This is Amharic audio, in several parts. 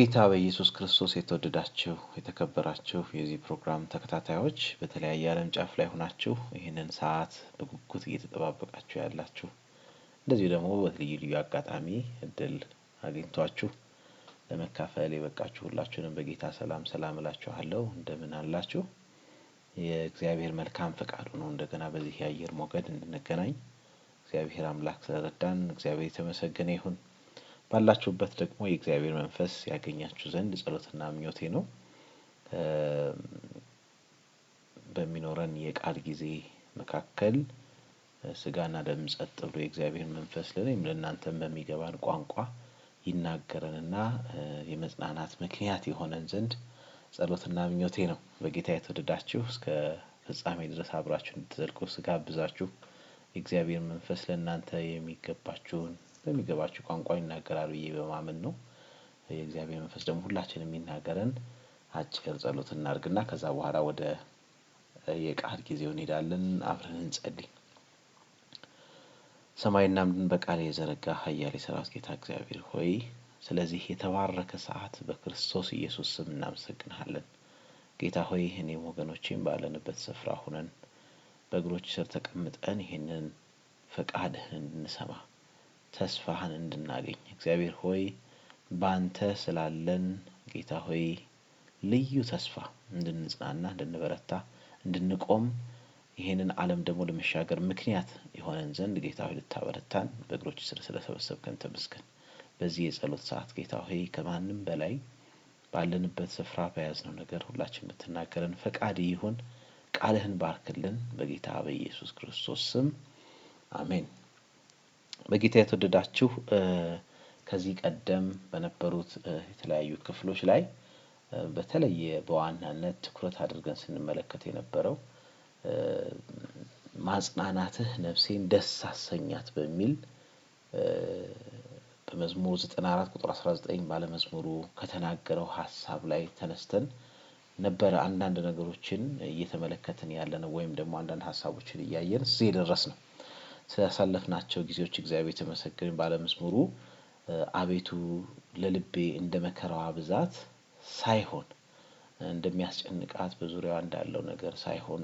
በጌታ በኢየሱስ ክርስቶስ የተወደዳችሁ የተከበራችሁ የዚህ ፕሮግራም ተከታታዮች በተለያየ ዓለም ጫፍ ላይ ሆናችሁ ይህንን ሰዓት በጉጉት እየተጠባበቃችሁ ያላችሁ፣ እንደዚሁ ደግሞ በልዩ ልዩ አጋጣሚ እድል አግኝቷችሁ ለመካፈል የበቃችሁ ሁላችሁንም በጌታ ሰላም ሰላም እላችኋለሁ። እንደምን አላችሁ? የእግዚአብሔር መልካም ፈቃዱ ነው እንደገና በዚህ የአየር ሞገድ እንድንገናኝ እግዚአብሔር አምላክ ስለረዳን እግዚአብሔር የተመሰገነ ይሁን። ባላችሁበት ደግሞ የእግዚአብሔር መንፈስ ያገኛችሁ ዘንድ ጸሎትና ምኞቴ ነው። በሚኖረን የቃል ጊዜ መካከል ስጋና ደም ጸጥ ብሎ የእግዚአብሔር መንፈስ ለእኔም ለእናንተም በሚገባን ቋንቋ ይናገረንና የመጽናናት ምክንያት የሆነን ዘንድ ጸሎትና ምኞቴ ነው። በጌታ የተወደዳችሁ እስከ ፍጻሜ ድረስ አብራችሁ እንድትዘልቁ ስጋብዛችሁ የእግዚአብሔር መንፈስ ለእናንተ የሚገባችሁን በሚገባቸው ቋንቋ ይናገራሉ ብዬ በማመን ነው። የእግዚአብሔር መንፈስ ደግሞ ሁላችንም የሚናገረን አጭር ጸሎት እናድርግና ከዛ በኋላ ወደ የቃል ጊዜው እንሄዳለን። አብረን እንጸልይ። ሰማይና ምድርን በቃል የዘረጋ ኃያል የሰራዊት ጌታ እግዚአብሔር ሆይ ስለዚህ የተባረከ ሰዓት በክርስቶስ ኢየሱስ ስም እናመሰግንሃለን። ጌታ ሆይ እኔም ወገኖቼም ባለንበት ስፍራ ሁነን በእግሮች ስር ተቀምጠን ይህንን ፈቃድህን እንድንሰማ ተስፋህን እንድናገኝ እግዚአብሔር ሆይ ባንተ ስላለን ጌታ ሆይ ልዩ ተስፋ እንድንጽናና እንድንበረታ እንድንቆም ይህንን ዓለም ደግሞ ለመሻገር ምክንያት የሆነን ዘንድ ጌታ ሆይ ልታበረታን በእግሮች ስር ስለሰበሰብከን ተመስገን። በዚህ የጸሎት ሰዓት ጌታ ሆይ ከማንም በላይ ባለንበት ስፍራ በያዝነው ነገር ሁላችን የምትናገረን ፈቃድ ይሁን። ቃልህን ባርክልን። በጌታ በኢየሱስ ክርስቶስ ስም አሜን። በጌታ የተወደዳችሁ ከዚህ ቀደም በነበሩት የተለያዩ ክፍሎች ላይ በተለየ በዋናነት ትኩረት አድርገን ስንመለከት የነበረው ማጽናናትህ ነፍሴን ደስ አሰኛት በሚል በመዝሙር 94 ቁጥር 19 ባለመዝሙሩ ከተናገረው ሀሳብ ላይ ተነስተን ነበረ አንዳንድ ነገሮችን እየተመለከትን ያለነው ወይም ደግሞ አንዳንድ ሀሳቦችን እያየን እዚህ የደረስ ነው። ስላሳለፍናቸው ጊዜዎች እግዚአብሔር የተመሰገን ባለመስሙሩ አቤቱ ለልቤ እንደ መከራዋ ብዛት ሳይሆን እንደሚያስጨንቃት በዙሪያዋ እንዳለው ነገር ሳይሆን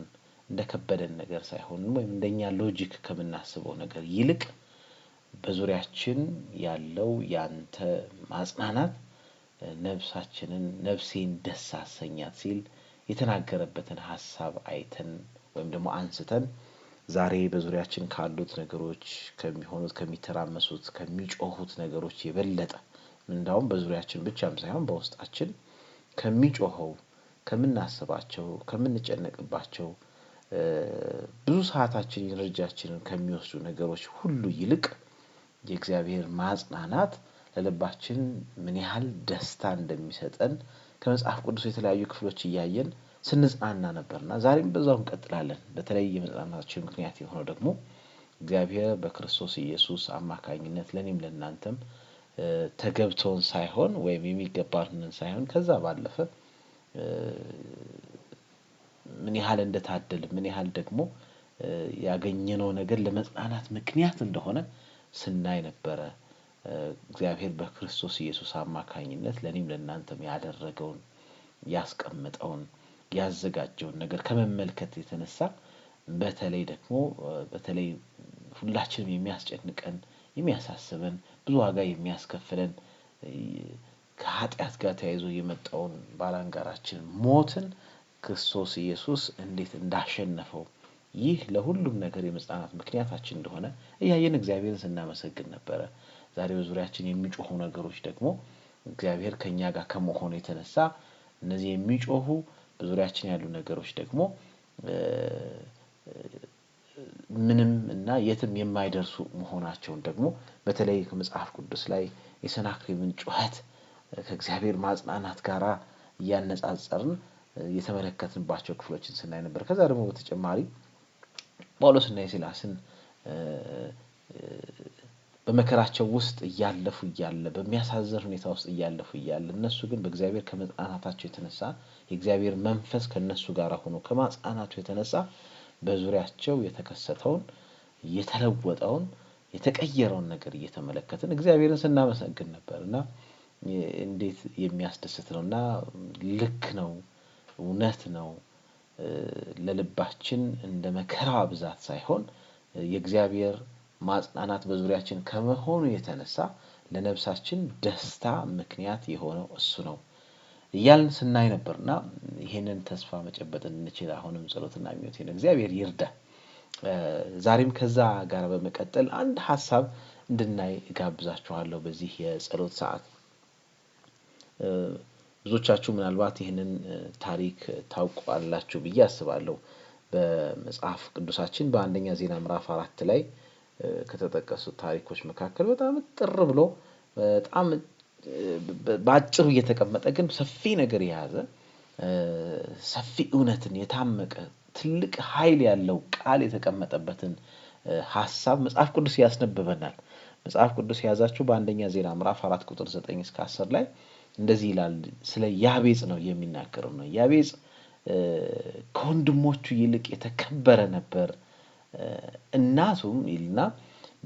እንደ ከበደን ነገር ሳይሆን ወይም እንደኛ ሎጂክ ከምናስበው ነገር ይልቅ በዙሪያችን ያለው ያንተ ማጽናናት ነፍሳችንን ነፍሴን ደስ አሰኛት ሲል የተናገረበትን ሀሳብ አይተን ወይም ደግሞ አንስተን ዛሬ በዙሪያችን ካሉት ነገሮች ከሚሆኑት ከሚተራመሱት ከሚጮሁት ነገሮች የበለጠ እንዳውም በዙሪያችን ብቻም ሳይሆን በውስጣችን ከሚጮኸው ከምናስባቸው ከምንጨነቅባቸው ብዙ ሰዓታችን ኢነርጂያችንን ከሚወስዱ ነገሮች ሁሉ ይልቅ የእግዚአብሔር ማጽናናት ለልባችን ምን ያህል ደስታ እንደሚሰጠን ከመጽሐፍ ቅዱስ የተለያዩ ክፍሎች እያየን ስንጽናና ነበር እና ዛሬም በዛው እንቀጥላለን። በተለይ የመጽናናታችን ምክንያት የሆነው ደግሞ እግዚአብሔር በክርስቶስ ኢየሱስ አማካኝነት ለእኔም ለእናንተም ተገብቶን ሳይሆን ወይም የሚገባንን ሳይሆን ከዛ ባለፈ ምን ያህል እንደታደል ምን ያህል ደግሞ ያገኘነው ነገር ለመጽናናት ምክንያት እንደሆነ ስናይ ነበረ። እግዚአብሔር በክርስቶስ ኢየሱስ አማካኝነት ለእኔም ለእናንተም ያደረገውን ያስቀመጠውን ያዘጋጀውን ነገር ከመመልከት የተነሳ በተለይ ደግሞ በተለይ ሁላችንም የሚያስጨንቀን የሚያሳስበን ብዙ ዋጋ የሚያስከፍለን ከኃጢአት ጋር ተያይዞ የመጣውን ባላንጋራችን ሞትን ክርስቶስ ኢየሱስ እንዴት እንዳሸነፈው ይህ ለሁሉም ነገር የመጽናናት ምክንያታችን እንደሆነ እያየን እግዚአብሔርን ስናመሰግን ነበረ። ዛሬ በዙሪያችን የሚጮሁ ነገሮች ደግሞ እግዚአብሔር ከእኛ ጋር ከመሆኑ የተነሳ እነዚህ የሚጮሁ በዙሪያችን ያሉ ነገሮች ደግሞ ምንም እና የትም የማይደርሱ መሆናቸውን ደግሞ በተለይ ከመጽሐፍ ቅዱስ ላይ የሰናክሬምን ጩኸት ከእግዚአብሔር ማጽናናት ጋር እያነጻጸርን የተመለከትንባቸው ክፍሎችን ስናይ ነበር። ከዛ ደግሞ በተጨማሪ ጳውሎስና የሲላስን በመከራቸው ውስጥ እያለፉ እያለ በሚያሳዝን ሁኔታ ውስጥ እያለፉ እያለ እነሱ ግን በእግዚአብሔር ከመጽናናታቸው የተነሳ የእግዚአብሔር መንፈስ ከእነሱ ጋር ሆኖ ከማጽናናቱ የተነሳ በዙሪያቸው የተከሰተውን የተለወጠውን የተቀየረውን ነገር እየተመለከትን እግዚአብሔርን ስናመሰግን ነበር እና እንዴት የሚያስደስት ነው እና ልክ ነው፣ እውነት ነው። ለልባችን እንደ መከራ ብዛት ሳይሆን የእግዚአብሔር ማጽናናት በዙሪያችን ከመሆኑ የተነሳ ለነብሳችን ደስታ ምክንያት የሆነው እሱ ነው እያልን ስናይ ነበርና ይህንን ተስፋ መጨበጥ እንችል። አሁንም ጸሎትና ምኞቴን እግዚአብሔር ይርዳ። ዛሬም ከዛ ጋር በመቀጠል አንድ ሀሳብ እንድናይ ጋብዛችኋለሁ በዚህ የጸሎት ሰዓት ብዙዎቻችሁ ምናልባት ይህንን ታሪክ ታውቋላችሁ ብዬ አስባለሁ። በመጽሐፍ ቅዱሳችን በአንደኛ ዜና ምዕራፍ አራት ላይ ከተጠቀሱት ታሪኮች መካከል በጣም ጥር ብሎ በጣም በአጭሩ እየተቀመጠ ግን ሰፊ ነገር የያዘ ሰፊ እውነትን የታመቀ ትልቅ ኃይል ያለው ቃል የተቀመጠበትን ሀሳብ መጽሐፍ ቅዱስ ያስነብበናል። መጽሐፍ ቅዱስ የያዛችሁ በአንደኛ ዜና ምዕራፍ አራት ቁጥር ዘጠኝ እስከ አስር ላይ እንደዚህ ይላል። ስለ ያቤጽ ነው የሚናገረው ነው ያቤጽ ከወንድሞቹ ይልቅ የተከበረ ነበር እናቱም ይልና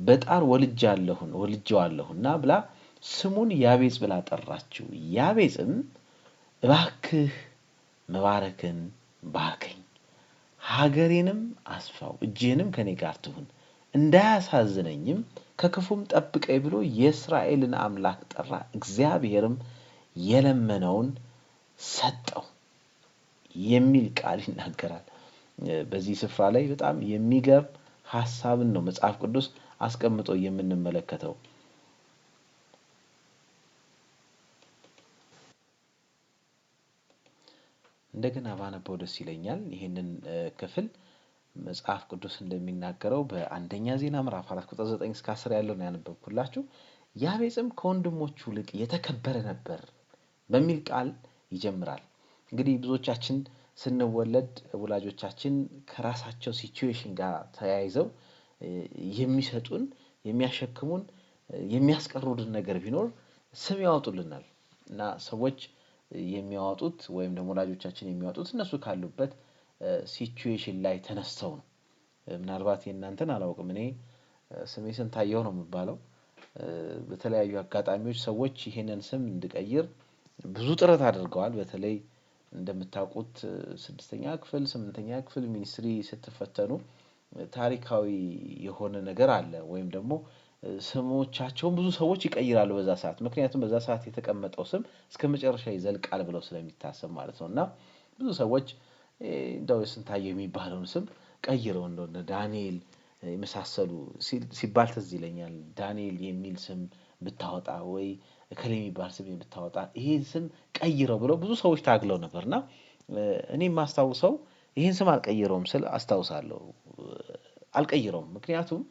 በጣር ወልጃለሁን ወልጄዋለሁና ብላ ስሙን ያቤጽ ብላ ጠራችው። ያቤጽም እባክህ መባረክን ባከኝ፣ ሀገሬንም አስፋው፣ እጄንም ከኔ ጋር ትሁን፣ እንዳያሳዝነኝም ከክፉም ጠብቀኝ ብሎ የእስራኤልን አምላክ ጠራ። እግዚአብሔርም የለመነውን ሰጠው የሚል ቃል ይናገራል። በዚህ ስፍራ ላይ በጣም የሚገርም ሀሳብን ነው መጽሐፍ ቅዱስ አስቀምጦ የምንመለከተው። እንደገና ባነበው ደስ ይለኛል። ይህንን ክፍል መጽሐፍ ቅዱስ እንደሚናገረው በአንደኛ ዜና ምዕራፍ አራት ቁጥር ዘጠኝ እስከ አስር ነው ያነበብኩላችሁ። ያቤጽም ከወንድሞቹ ልቅ የተከበረ ነበር በሚል ቃል ይጀምራል። እንግዲህ ብዙዎቻችን ስንወለድ ወላጆቻችን ከራሳቸው ሲቹዌሽን ጋር ተያይዘው የሚሰጡን የሚያሸክሙን የሚያስቀሩልን ነገር ቢኖር ስም ያወጡልናል እና ሰዎች የሚያወጡት ወይም ደግሞ ወላጆቻችን የሚያወጡት እነሱ ካሉበት ሲቹዌሽን ላይ ተነስተው ነው። ምናልባት የእናንተን አላውቅም እኔ ስሜ ስንታየው ነው የምባለው። በተለያዩ አጋጣሚዎች ሰዎች ይሄንን ስም እንድቀይር ብዙ ጥረት አድርገዋል በተለይ እንደምታውቁት ስድስተኛ ክፍል ስምንተኛ ክፍል ሚኒስትሪ ስትፈተኑ ታሪካዊ የሆነ ነገር አለ ወይም ደግሞ ስሞቻቸውን ብዙ ሰዎች ይቀይራሉ በዛ ሰዓት ምክንያቱም በዛ ሰዓት የተቀመጠው ስም እስከ መጨረሻ ይዘልቃል ብለው ስለሚታሰብ ማለት ነው። እና ብዙ ሰዎች እንደው ስንታየው የሚባለውን ስም ቀይረው እንደሆነ ዳንኤል የመሳሰሉ ሲባል ትዝ ይለኛል ዳንኤል የሚል ስም ብታወጣ ወይ እከሌ የሚባል ስም የምታወጣ ይህን ስም ቀይረው ብለው ብዙ ሰዎች ታግለው ነበር እና የማስታውሰው ማስታውሰው ይህን ስም አልቀይረውም ስል አስታውሳለሁ። አልቀይረውም ምክንያቱም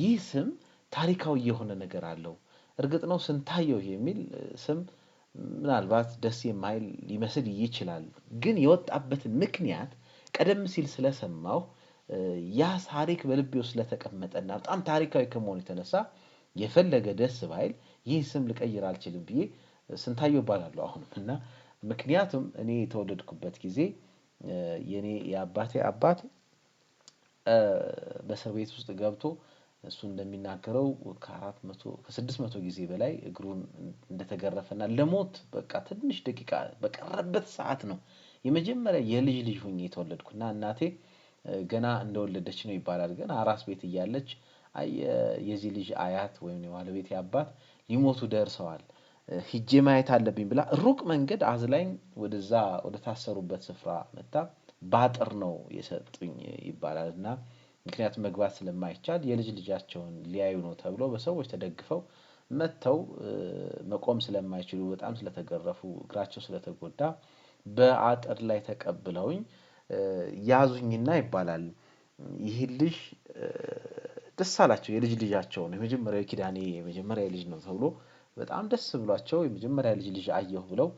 ይህ ስም ታሪካዊ የሆነ ነገር አለው። እርግጥ ነው ስንታየው የሚል ስም ምናልባት ደስ የማይል ሊመስል ይችላል። ግን የወጣበትን ምክንያት ቀደም ሲል ስለሰማሁ ያ ታሪክ በልቤ ስለተቀመጠና በጣም ታሪካዊ ከመሆኑ የተነሳ የፈለገ ደስ ባይል ይህ ስም ልቀይር አልችልም ብዬ ስንታየው እባላለሁ አሁንም እና ምክንያቱም እኔ የተወለድኩበት ጊዜ የኔ የአባቴ አባት በእስር ቤት ውስጥ ገብቶ እሱ እንደሚናገረው ከአራት መቶ ከስድስት መቶ ጊዜ በላይ እግሩን እንደተገረፈና ለሞት በቃ ትንሽ ደቂቃ በቀረበት ሰዓት ነው የመጀመሪያ የልጅ ልጅ የተወለድኩ የተወለድኩና እናቴ ገና እንደወለደች ነው ይባላል ግን አራስ ቤት እያለች የዚህ ልጅ አያት ወይም የባለቤቴ አባት ሊሞቱ ደርሰዋል ሂጄ ማየት አለብኝ ብላ ሩቅ መንገድ አዝላኝ ወደዛ ወደ ታሰሩበት ስፍራ መታ ባጥር ነው የሰጡኝ ይባላል እና ምክንያቱም መግባት ስለማይቻል የልጅ ልጃቸውን ሊያዩ ነው ተብሎ በሰዎች ተደግፈው መጥተው መቆም ስለማይችሉ በጣም ስለተገረፉ እግራቸው ስለተጎዳ በአጥር ላይ ተቀብለውኝ ያዙኝና ይባላል ይህን ልጅ ደስ አላቸው። የልጅ ልጃቸውን የመጀመሪያ ኪዳኔ የመጀመሪያ ልጅ ነው ተብሎ በጣም ደስ ብሏቸው የመጀመሪያ ልጅ ልጅ አየሁ ብለው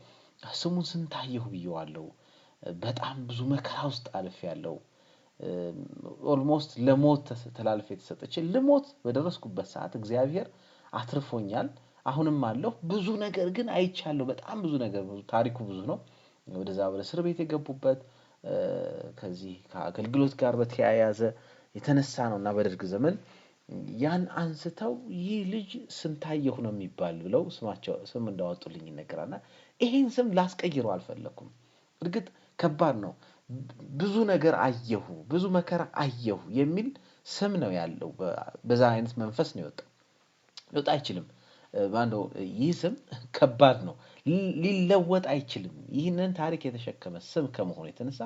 ስሙን ስንታየሁ ብየዋለው። በጣም ብዙ መከራ ውስጥ አልፍ ያለው ኦልሞስት ለሞት ተላልፍ የተሰጠች ልሞት በደረስኩበት ሰዓት እግዚአብሔር አትርፎኛል። አሁንም አለሁ። ብዙ ነገር ግን አይቻለሁ። በጣም ብዙ ነገር ታሪኩ ብዙ ነው። ወደዛ ወደ እስር ቤት የገቡበት ከዚህ ከአገልግሎት ጋር በተያያዘ የተነሳ ነው እና በደርግ ዘመን ያን አንስተው ይህ ልጅ ስንታየሁ ነው የሚባል ብለው ስማቸው ስም እንዳወጡልኝ ይነገራልና ይሄን ስም ላስቀይረው አልፈለኩም። እርግጥ ከባድ ነው። ብዙ ነገር አየሁ፣ ብዙ መከራ አየሁ የሚል ስም ነው ያለው። በዛ አይነት መንፈስ ነው የወጣው። ሊወጣ አይችልም። ማነው ይህ ስም ከባድ ነው፣ ሊለወጥ አይችልም። ይህንን ታሪክ የተሸከመ ስም ከመሆኑ የተነሳ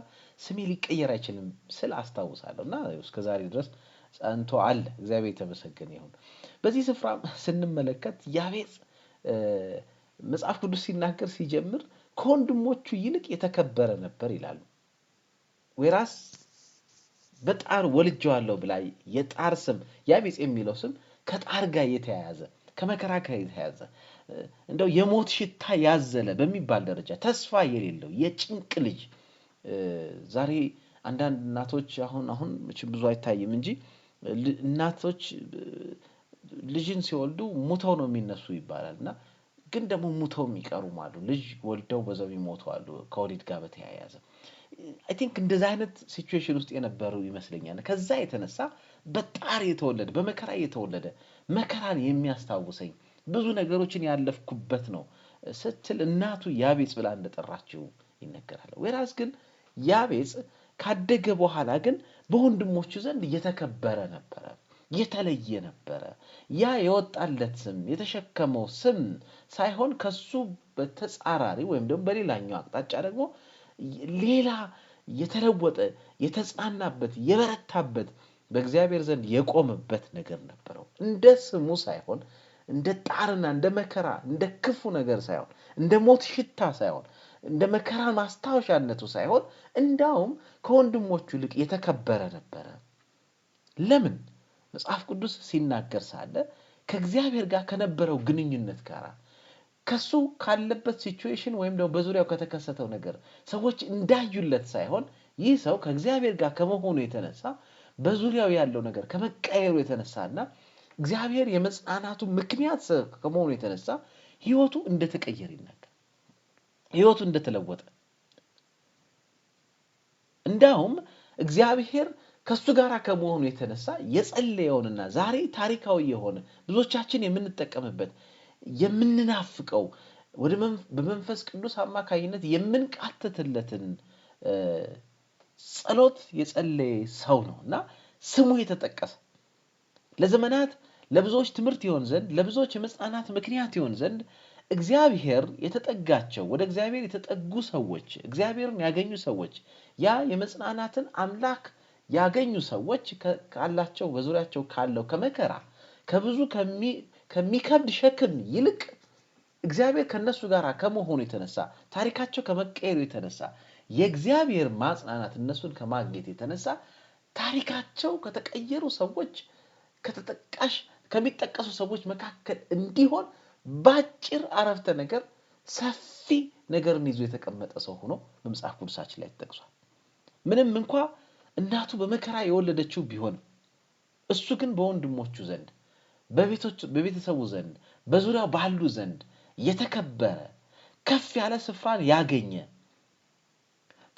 ስሜ ሊቀየር አይችልም ስል አስታውሳለሁ እና እስከዛሬ ድረስ ጸንቶ አለ። እግዚአብሔር የተመሰገነ ይሁን። በዚህ ስፍራ ስንመለከት ያቤጽ መጽሐፍ ቅዱስ ሲናገር ሲጀምር ከወንድሞቹ ይልቅ የተከበረ ነበር ይላሉ። ወይራስ በጣር ወልጀዋለሁ ብላይ የጣር ስም ያቤጽ የሚለው ስም ከጣር ጋር የተያያዘ ከመከራ ጋር የተያዘ እንደው የሞት ሽታ ያዘለ በሚባል ደረጃ ተስፋ የሌለው የጭንቅ ልጅ ዛሬ አንዳንድ እናቶች አሁን አሁን ብዙ አይታይም እንጂ እናቶች ልጅን ሲወልዱ ሙተው ነው የሚነሱ ይባላል እና ግን ደግሞ ሙተው የሚቀሩም አሉ። ልጅ ወልደው በዛው ይሞቱ አሉ ከወሊድ ጋር በተያያዘ አይ ቲንክ እንደዚህ አይነት ሲቹዌሽን ውስጥ የነበሩ ይመስለኛል። ከዛ የተነሳ በጣር የተወለደ በመከራ የተወለደ መከራን የሚያስታውሰኝ ብዙ ነገሮችን ያለፍኩበት ነው ስትል እናቱ ያቤጽ ብላ እንደጠራችው ይነገራል። ወይራስ ግን ያቤጽ ካደገ በኋላ ግን በወንድሞቹ ዘንድ የተከበረ ነበረ፣ የተለየ ነበረ። ያ የወጣለት ስም የተሸከመው ስም ሳይሆን ከሱ በተጻራሪ ወይም ደግሞ በሌላኛው አቅጣጫ ደግሞ ሌላ የተለወጠ የተጻናበት የበረታበት በእግዚአብሔር ዘንድ የቆመበት ነገር ነበረው። እንደ ስሙ ሳይሆን እንደ ጣርና እንደ መከራ እንደ ክፉ ነገር ሳይሆን እንደ ሞት ሽታ ሳይሆን እንደ መከራ ማስታወሻነቱ ሳይሆን እንዳውም ከወንድሞቹ ይልቅ የተከበረ ነበረ። ለምን? መጽሐፍ ቅዱስ ሲናገር ሳለ ከእግዚአብሔር ጋር ከነበረው ግንኙነት ጋር ከሱ ካለበት ሲቹዌሽን ወይም ደግሞ በዙሪያው ከተከሰተው ነገር ሰዎች እንዳዩለት ሳይሆን ይህ ሰው ከእግዚአብሔር ጋር ከመሆኑ የተነሳ በዙሪያው ያለው ነገር ከመቀየሩ የተነሳና እግዚአብሔር የመጽናናቱ ምክንያት ከመሆኑ የተነሳ ህይወቱ እንደተቀየር ይናገር። ህይወቱ እንደተለወጠ እንዳውም እግዚአብሔር ከሱ ጋር ከመሆኑ የተነሳ የጸለየውንና ዛሬ ታሪካዊ የሆነ ብዙዎቻችን የምንጠቀምበት የምንናፍቀው በመንፈስ ቅዱስ አማካኝነት የምንቃተትለትን ጸሎት የጸለየ ሰው ነው እና ስሙ የተጠቀሰ ለዘመናት ለብዙዎች ትምህርት ይሆን ዘንድ ለብዙዎች የመጽናናት ምክንያት ይሆን ዘንድ እግዚአብሔር የተጠጋቸው ወደ እግዚአብሔር የተጠጉ ሰዎች እግዚአብሔርን ያገኙ ሰዎች ያ የመጽናናትን አምላክ ያገኙ ሰዎች ካላቸው በዙሪያቸው ካለው ከመከራ ከብዙ ከሚከብድ ሸክም ይልቅ እግዚአብሔር ከእነሱ ጋር ከመሆኑ የተነሳ ታሪካቸው ከመቀየሩ የተነሳ የእግዚአብሔር ማጽናናት እነሱን ከማግኘት የተነሳ ታሪካቸው ከተቀየሩ ሰዎች ከተጠቃሽ ከሚጠቀሱ ሰዎች መካከል እንዲሆን በአጭር አረፍተ ነገር ሰፊ ነገርን ይዞ የተቀመጠ ሰው ሆኖ በመጽሐፍ ቅዱሳችን ላይ ተጠቅሷል። ምንም እንኳ እናቱ በመከራ የወለደችው ቢሆንም እሱ ግን በወንድሞቹ ዘንድ በቤተሰቡ ዘንድ በዙሪያው ባሉ ዘንድ የተከበረ ከፍ ያለ ስፍራን ያገኘ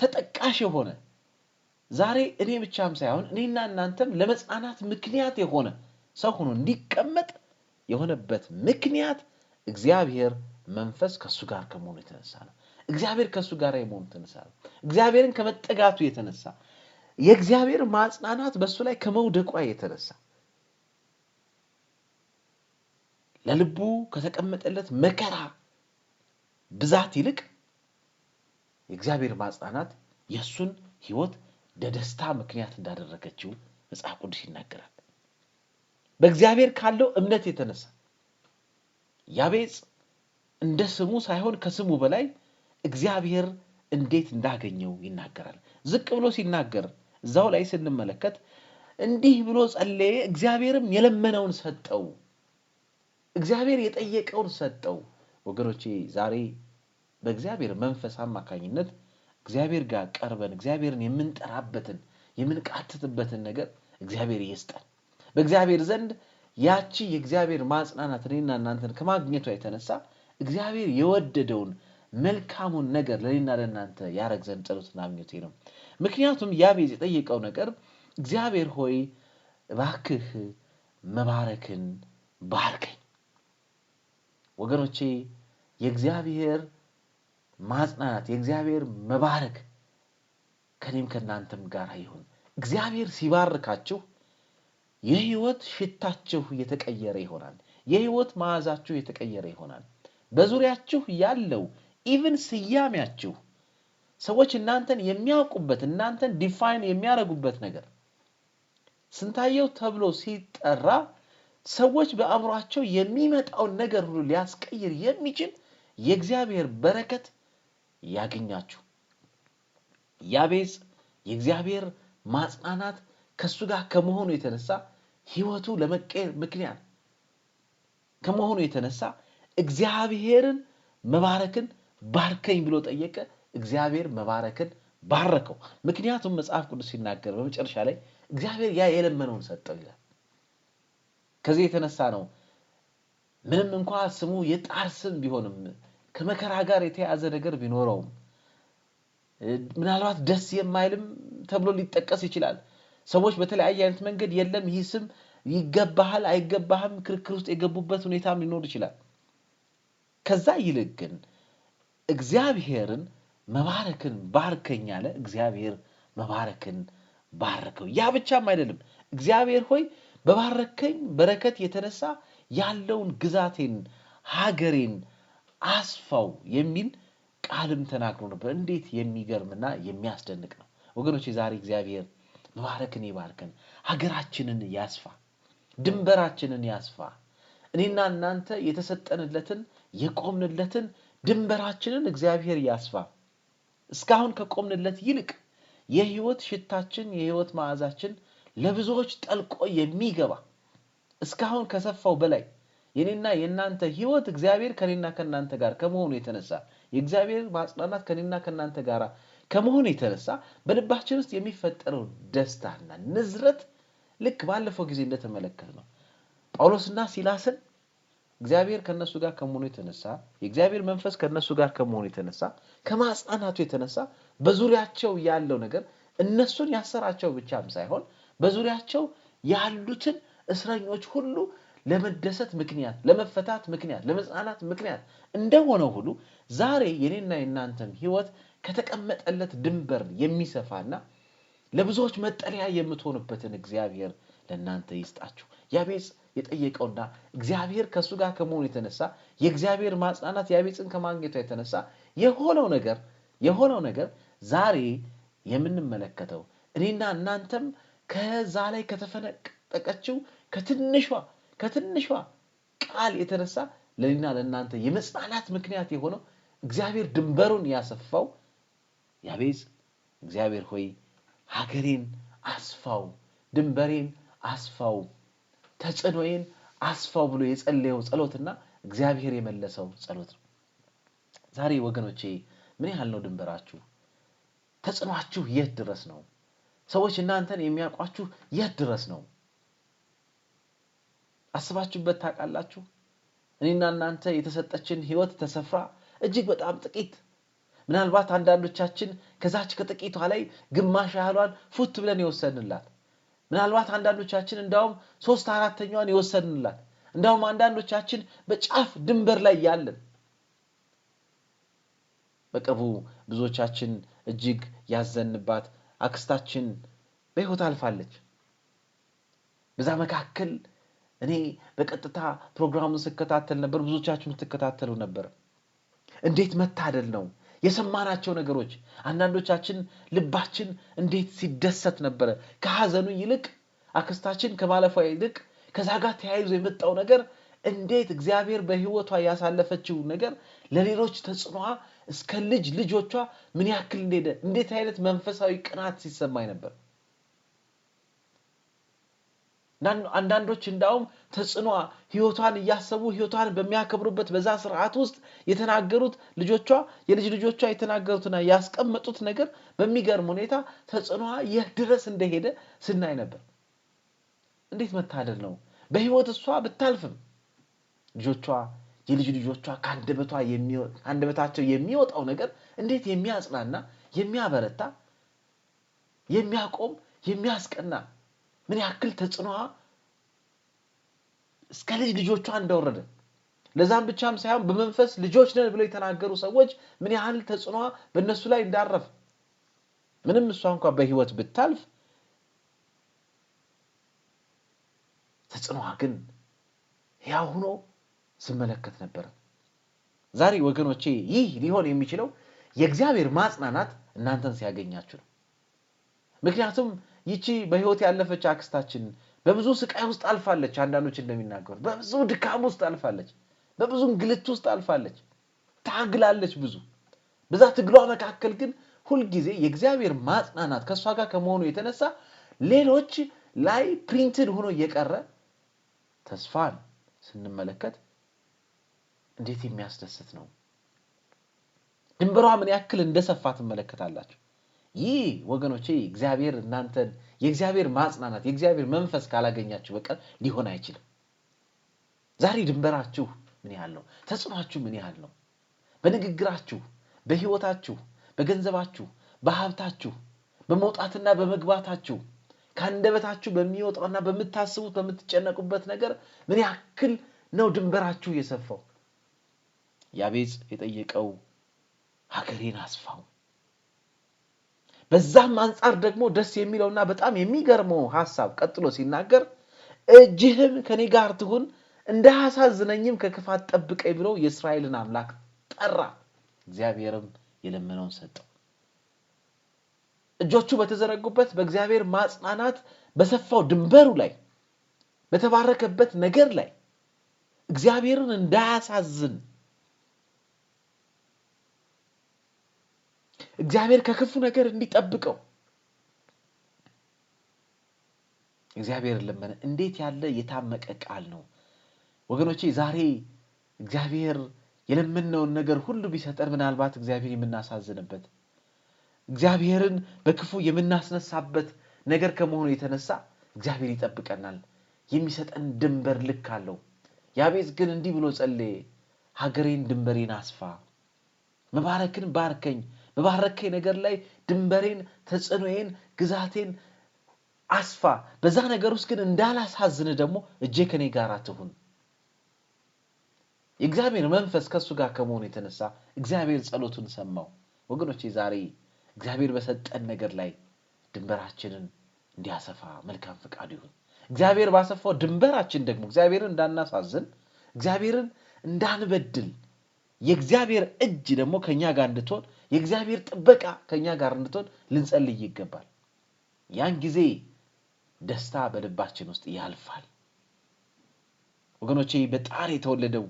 ተጠቃሽ የሆነ ዛሬ እኔ ብቻም ሳይሆን እኔና እናንተም ለመጽናናት ምክንያት የሆነ ሰው ሆኖ እንዲቀመጥ የሆነበት ምክንያት እግዚአብሔር መንፈስ ከእሱ ጋር ከመሆኑ የተነሳ ነው። እግዚአብሔር ከእሱ ጋር የመሆኑ የተነሳ ነው። እግዚአብሔርን ከመጠጋቱ የተነሳ የእግዚአብሔር ማጽናናት በእሱ ላይ ከመውደቋ የተነሳ ለልቡ ከተቀመጠለት መከራ ብዛት ይልቅ የእግዚአብሔር ማጽናናት የእሱን ህይወት ለደስታ ምክንያት እንዳደረገችው መጽሐፍ ቅዱስ ይናገራል። በእግዚአብሔር ካለው እምነት የተነሳ ያቤጽ እንደ ስሙ ሳይሆን ከስሙ በላይ እግዚአብሔር እንዴት እንዳገኘው ይናገራል። ዝቅ ብሎ ሲናገር እዛው ላይ ስንመለከት እንዲህ ብሎ ጸለየ፣ እግዚአብሔርም የለመነውን ሰጠው እግዚአብሔር የጠየቀውን ሰጠው። ወገኖቼ ዛሬ በእግዚአብሔር መንፈስ አማካኝነት እግዚአብሔር ጋር ቀርበን እግዚአብሔርን የምንጠራበትን የምንቃትትበትን ነገር እግዚአብሔር ይስጠን። በእግዚአብሔር ዘንድ ያቺ የእግዚአብሔር ማጽናናት እኔና እናንተን ከማግኘቷ የተነሳ እግዚአብሔር የወደደውን መልካሙን ነገር ለእኔና ለእናንተ ያደረግ ዘንድ ጸሎትና ምኞቴ ነው። ምክንያቱም ያቤዝ የጠየቀው ነገር እግዚአብሔር ሆይ እባክህ መባረክን ባርከኝ ወገኖቼ የእግዚአብሔር ማጽናናት የእግዚአብሔር መባረክ ከኔም ከእናንተም ጋር ይሁን። እግዚአብሔር ሲባርካችሁ የህይወት ሽታችሁ የተቀየረ ይሆናል። የህይወት መዓዛችሁ የተቀየረ ይሆናል። በዙሪያችሁ ያለው ኢቭን ስያሜያችሁ ሰዎች እናንተን የሚያውቁበት እናንተን ዲፋይን የሚያደርጉበት ነገር ስንታየው ተብሎ ሲጠራ ሰዎች በአእምሯቸው የሚመጣውን ነገር ሁሉ ሊያስቀይር የሚችል የእግዚአብሔር በረከት ያገኛችሁ። ያቤጽ የእግዚአብሔር ማጽናናት ከእሱ ጋር ከመሆኑ የተነሳ ህይወቱ ለመቀየር ምክንያት ከመሆኑ የተነሳ እግዚአብሔርን መባረክን ባርከኝ ብሎ ጠየቀ። እግዚአብሔር መባረክን ባረከው። ምክንያቱም መጽሐፍ ቅዱስ ሲናገር በመጨረሻ ላይ እግዚአብሔር ያ የለመነውን ሰጠው ይላል። ከዚህ የተነሳ ነው ምንም እንኳ ስሙ የጣር ስም ቢሆንም ከመከራ ጋር የተያያዘ ነገር ቢኖረውም ምናልባት ደስ የማይልም ተብሎ ሊጠቀስ ይችላል። ሰዎች በተለያየ አይነት መንገድ የለም ይህ ስም ይገባሃል አይገባህም ክርክር ውስጥ የገቡበት ሁኔታም ሊኖር ይችላል። ከዛ ይልቅ ግን እግዚአብሔርን መባረክን ባርከኝ አለ። እግዚአብሔር መባረክን ባረከው። ያ ብቻም አይደለም እግዚአብሔር ሆይ በባረከኝ በረከት የተነሳ ያለውን ግዛቴን ሀገሬን አስፋው የሚል ቃልም ተናግሮ ነበር። እንዴት የሚገርምና የሚያስደንቅ ነው ወገኖች! የዛሬ እግዚአብሔር መባረክን ይባርከን፣ ሀገራችንን ያስፋ፣ ድንበራችንን ያስፋ። እኔና እናንተ የተሰጠንለትን የቆምንለትን ድንበራችንን እግዚአብሔር ያስፋ። እስካሁን ከቆምንለት ይልቅ የህይወት ሽታችን የህይወት መዓዛችን ለብዙዎች ጠልቆ የሚገባ እስካሁን ከሰፋው በላይ የኔና የእናንተ ህይወት እግዚአብሔር ከኔና ከእናንተ ጋር ከመሆኑ የተነሳ የእግዚአብሔር ማጽናናት ከኔና ከእናንተ ጋር ከመሆኑ የተነሳ በልባችን ውስጥ የሚፈጠረው ደስታና ንዝረት ልክ ባለፈው ጊዜ እንደተመለከት ነው ጳውሎስና ሲላስን እግዚአብሔር ከነሱ ጋር ከመሆኑ የተነሳ የእግዚአብሔር መንፈስ ከነሱ ጋር ከመሆኑ የተነሳ ከማጽናናቱ የተነሳ በዙሪያቸው ያለው ነገር እነሱን ያሰራቸው ብቻም ሳይሆን በዙሪያቸው ያሉትን እስረኞች ሁሉ ለመደሰት ምክንያት፣ ለመፈታት ምክንያት፣ ለመጽናናት ምክንያት እንደሆነው ሁሉ ዛሬ የኔና የእናንተም ህይወት ከተቀመጠለት ድንበር የሚሰፋና ለብዙዎች መጠለያ የምትሆኑበትን እግዚአብሔር ለእናንተ ይስጣችሁ። ያቤጽ የጠየቀውና እግዚአብሔር ከእሱ ጋር ከመሆኑ የተነሳ የእግዚአብሔር ማጽናናት ያቤጽን ከማግኘቷ የተነሳ የሆነው ነገር የሆነው ነገር ዛሬ የምንመለከተው እኔና እናንተም ከዛ ላይ ከተፈነጠቀችው ከትንሿ ከትንሿ ቃል የተነሳ ለእኔና ለእናንተ የመጽናናት ምክንያት የሆነው እግዚአብሔር ድንበሩን ያሰፋው ያቤጽ እግዚአብሔር ሆይ ሀገሬን አስፋው፣ ድንበሬን አስፋው፣ ተጽዕኖዬን አስፋው ብሎ የጸለየው ጸሎትና እግዚአብሔር የመለሰው ጸሎት ነው። ዛሬ ወገኖቼ ምን ያህል ነው ድንበራችሁ? ተጽዕኗችሁ የት ድረስ ነው? ሰዎች እናንተን የሚያውቋችሁ የት ድረስ ነው? አስባችሁበት ታውቃላችሁ? እኔና እናንተ የተሰጠችን ህይወት ተሰፍራ እጅግ በጣም ጥቂት ምናልባት አንዳንዶቻችን ከዛች ከጥቂቷ ላይ ግማሽ ያህሏን ፉት ብለን የወሰንላት ምናልባት አንዳንዶቻችን እንዳውም ሶስት አራተኛዋን የወሰንላት እንዳውም አንዳንዶቻችን በጫፍ ድንበር ላይ ያለን በቅርቡ ብዙዎቻችን እጅግ ያዘንባት አክስታችን በሕይወት አልፋለች። በዛ መካከል እኔ በቀጥታ ፕሮግራሙን ስከታተል ነበር። ብዙዎቻችሁ የምትከታተሉ ነበር። እንዴት መታደል ነው የሰማናቸው ነገሮች። አንዳንዶቻችን ልባችን እንዴት ሲደሰት ነበረ። ከሀዘኑ ይልቅ አክስታችን ከማለፏ ይልቅ ከዛ ጋር ተያይዞ የመጣው ነገር እንዴት እግዚአብሔር በህይወቷ ያሳለፈችው ነገር ለሌሎች ተጽዕኖዋ እስከ ልጅ ልጆቿ ምን ያክል እንደሄደ እንዴት አይነት መንፈሳዊ ቅናት ሲሰማኝ ነበር። አንዳንዶች እንዳውም ተጽዕኖ ህይወቷን እያሰቡ ህይወቷን በሚያከብሩበት በዛ ስርዓት ውስጥ የተናገሩት ልጆቿ የልጅ ልጆቿ የተናገሩትና ያስቀመጡት ነገር በሚገርም ሁኔታ ተጽዕኖ ይህ ድረስ እንደሄደ ስናይ ነበር። እንዴት መታደል ነው! በህይወት እሷ ብታልፍም ልጆቿ የልጅ ልጆቿ ከአንደበታቸው የሚወጣው ነገር እንዴት የሚያጽናና የሚያበረታ የሚያቆም የሚያስቀና ምን ያክል ተጽዕኖዋ እስከ ልጅ ልጆቿ እንደወረደ ለዛም ብቻም ሳይሆን በመንፈስ ልጆች ነን ብለው የተናገሩ ሰዎች ምን ያህል ተጽዕኖዋ በእነሱ ላይ እንዳረፍ ምንም እሷ እንኳ በህይወት ብታልፍ ተጽዕኖዋ ግን ያ ሁኖ ስመለከት ነበረ። ዛሬ ወገኖቼ ይህ ሊሆን የሚችለው የእግዚአብሔር ማጽናናት እናንተን ሲያገኛችሁ ነው። ምክንያቱም ይቺ በሕይወት ያለፈች አክስታችን በብዙ ስቃይ ውስጥ አልፋለች። አንዳንዶች እንደሚናገሩት በብዙ ድካም ውስጥ አልፋለች። በብዙ እንግልት ውስጥ አልፋለች። ታግላለች። ብዙ በዛ ትግሏ መካከል ግን ሁልጊዜ የእግዚአብሔር ማጽናናት ከእሷ ጋር ከመሆኑ የተነሳ ሌሎች ላይ ፕሪንትድ ሆኖ እየቀረ ተስፋን ስንመለከት እንዴት የሚያስደስት ነው! ድንበሯ ምን ያክል እንደሰፋ ትመለከታላችሁ። ይህ ወገኖቼ እግዚአብሔር እናንተን የእግዚአብሔር ማጽናናት የእግዚአብሔር መንፈስ ካላገኛችሁ በቀር ሊሆን አይችልም። ዛሬ ድንበራችሁ ምን ያህል ነው? ተጽዕኗችሁ ምን ያህል ነው? በንግግራችሁ፣ በህይወታችሁ፣ በገንዘባችሁ፣ በሀብታችሁ፣ በመውጣትና በመግባታችሁ ከአንደበታችሁ በሚወጣውና በምታስቡት በምትጨነቁበት ነገር ምን ያክል ነው ድንበራችሁ የሰፋው? ያቤጽ የጠየቀው ሀገሬን አስፋው። በዛም አንጻር ደግሞ ደስ የሚለውና በጣም የሚገርመው ሀሳብ ቀጥሎ ሲናገር እጅህም ከኔ ጋር ትሁን እንዳያሳዝነኝም ከክፋት ጠብቀኝ ብሎ የእስራኤልን አምላክ ጠራ። እግዚአብሔርም የለመነውን ሰጠው። እጆቹ በተዘረጉበት በእግዚአብሔር ማጽናናት፣ በሰፋው ድንበሩ ላይ፣ በተባረከበት ነገር ላይ እግዚአብሔርን እንዳያሳዝን እግዚአብሔር ከክፉ ነገር እንዲጠብቀው እግዚአብሔር ለመነ። እንዴት ያለ የታመቀ ቃል ነው ወገኖቼ! ዛሬ እግዚአብሔር የለመነውን ነገር ሁሉ ቢሰጠን ምናልባት እግዚአብሔር የምናሳዝንበት እግዚአብሔርን በክፉ የምናስነሳበት ነገር ከመሆኑ የተነሳ እግዚአብሔር ይጠብቀናል። የሚሰጠን ድንበር ልክ አለው። ያቤዝ ግን እንዲህ ብሎ ጸለየ፣ ሀገሬን ድንበሬን አስፋ፣ መባረክን ባርከኝ በባረከኝ ነገር ላይ ድንበሬን፣ ተጽዕኖዬን፣ ግዛቴን አስፋ። በዛ ነገር ውስጥ ግን እንዳላሳዝን ደግሞ እጄ ከኔ ጋር ትሁን። የእግዚአብሔር መንፈስ ከእሱ ጋር ከመሆኑ የተነሳ እግዚአብሔር ጸሎቱን ሰማው። ወገኖቼ ዛሬ እግዚአብሔር በሰጠን ነገር ላይ ድንበራችንን እንዲያሰፋ መልካም ፈቃዱ ይሁን። እግዚአብሔር ባሰፋው ድንበራችን ደግሞ እግዚአብሔርን እንዳናሳዝን፣ እግዚአብሔርን እንዳንበድል የእግዚአብሔር እጅ ደግሞ ከእኛ ጋር እንድትሆን የእግዚአብሔር ጥበቃ ከእኛ ጋር እንድትሆን ልንጸልይ ይገባል። ያን ጊዜ ደስታ በልባችን ውስጥ ያልፋል። ወገኖቼ በጣር የተወለደው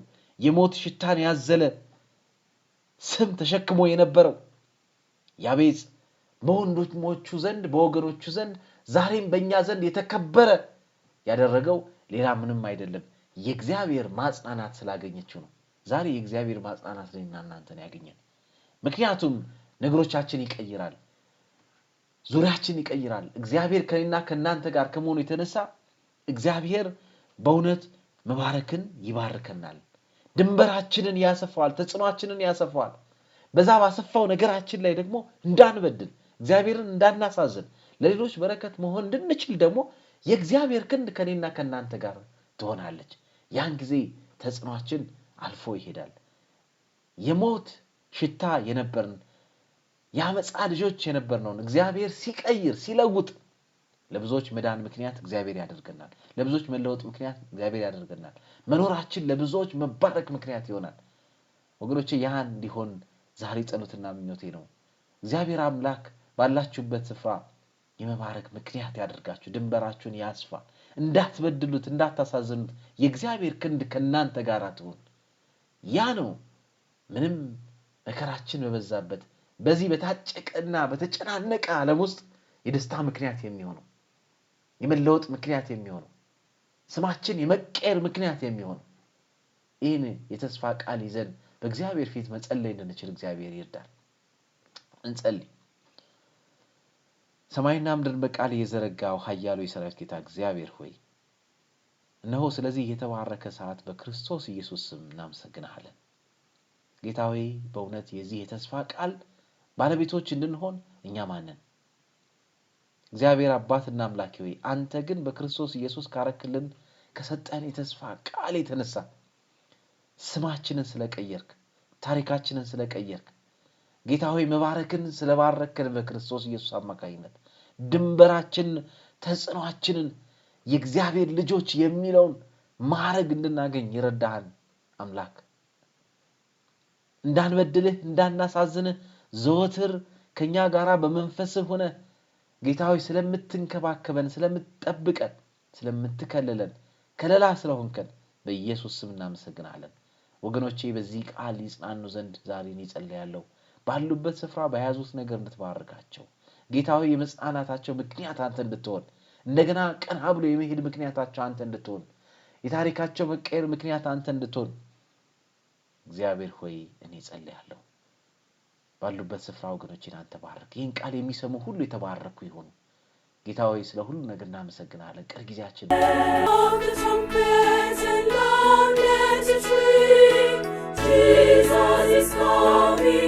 የሞት ሽታን ያዘለ ስም ተሸክሞ የነበረው ያቤጽ በወንድሞቹ ዘንድ በወገኖቹ ዘንድ ዛሬም በእኛ ዘንድ የተከበረ ያደረገው ሌላ ምንም አይደለም፣ የእግዚአብሔር ማጽናናት ስላገኘችው ነው። ዛሬ የእግዚአብሔር ማጽናናት እኔና እናንተን ያገኘን። ምክንያቱም ነገሮቻችን ይቀይራል፣ ዙሪያችን ይቀይራል። እግዚአብሔር ከኔና ከእናንተ ጋር ከመሆኑ የተነሳ እግዚአብሔር በእውነት መባረክን ይባርከናል። ድንበራችንን ያሰፋዋል፣ ተጽዕኖችንን ያሰፋዋል። በዛ ባሰፋው ነገራችን ላይ ደግሞ እንዳንበድል፣ እግዚአብሔርን እንዳናሳዝን፣ ለሌሎች በረከት መሆን እንድንችል ደግሞ የእግዚአብሔር ክንድ ከኔና ከእናንተ ጋር ትሆናለች። ያን ጊዜ ተጽዕኖችን አልፎ ይሄዳል። የሞት ሽታ የነበርን የአመፃ ልጆች የነበርነውን እግዚአብሔር ሲቀይር ሲለውጥ ለብዙዎች መዳን ምክንያት እግዚአብሔር ያደርገናል። ለብዙዎች መለወጥ ምክንያት እግዚአብሔር ያደርገናል። መኖራችን ለብዙዎች መባረክ ምክንያት ይሆናል። ወገኖቼ ያ እንዲሆን ዛሬ ጸሎትና ምኞቴ ነው። እግዚአብሔር አምላክ ባላችሁበት ስፍራ የመባረክ ምክንያት ያደርጋችሁ፣ ድንበራችሁን ያስፋ፣ እንዳትበድሉት፣ እንዳታሳዝኑት የእግዚአብሔር ክንድ ከእናንተ ጋር ትሁን። ያ ነው ምንም መከራችን በበዛበት በዚህ በታጨቀና በተጨናነቀ ዓለም ውስጥ የደስታ ምክንያት የሚሆነው የመለወጥ ምክንያት የሚሆነው ስማችን የመቀየር ምክንያት የሚሆነው ይህን የተስፋ ቃል ይዘን በእግዚአብሔር ፊት መጸለይ እንድንችል እግዚአብሔር ይርዳል። እንጸልይ። ሰማይና ምድርን በቃል የዘረጋው ሀያሉ የሰራዊት ጌታ እግዚአብሔር ሆይ እነሆ ስለዚህ የተባረከ ሰዓት በክርስቶስ ኢየሱስ ስም እናመሰግናለን። ጌታ ሆይ በእውነት የዚህ የተስፋ ቃል ባለቤቶች እንድንሆን እኛ ማንን እግዚአብሔር አባትና አምላኪ ሆይ አንተ ግን በክርስቶስ ኢየሱስ ካረክልን ከሰጠን የተስፋ ቃል የተነሳ ስማችንን ስለቀየርክ፣ ታሪካችንን ስለቀየርክ ጌታ ሆይ መባረክን ስለባረክን በክርስቶስ ኢየሱስ አማካኝነት ድንበራችንን፣ ተጽዕኖችንን የእግዚአብሔር ልጆች የሚለውን ማዕረግ እንድናገኝ ይረዳህን አምላክ እንዳንበድልህ እንዳናሳዝንህ ዘወትር ከእኛ ጋር በመንፈስህ ሆነ ጌታዊ ስለምትንከባከበን፣ ስለምትጠብቀን፣ ስለምትከልለን ከለላ ስለሆንከን በኢየሱስ ስም እናመሰግናለን። ወገኖቼ በዚህ ቃል ይጽናኑ ዘንድ ዛሬን ይጸለያለሁ ባሉበት ስፍራ በያዙት ነገር እንድትባርካቸው ጌታዊ የመጽናናታቸው ምክንያት አንተ እንድትሆን እንደገና ቀና ብሎ የመሄድ ምክንያታቸው አንተ እንድትሆን የታሪካቸው መቀየር ምክንያት አንተ እንድትሆን እግዚአብሔር ሆይ እኔ ጸልያለሁ። ባሉበት ስፍራ ወገኖችን አንተ ባርክ። ይህን ቃል የሚሰሙ ሁሉ የተባረኩ ይሆኑ። ጌታ ሆይ ስለ ሁሉ ነገር እናመሰግናለን። ቅር ጊዜያችን ነው።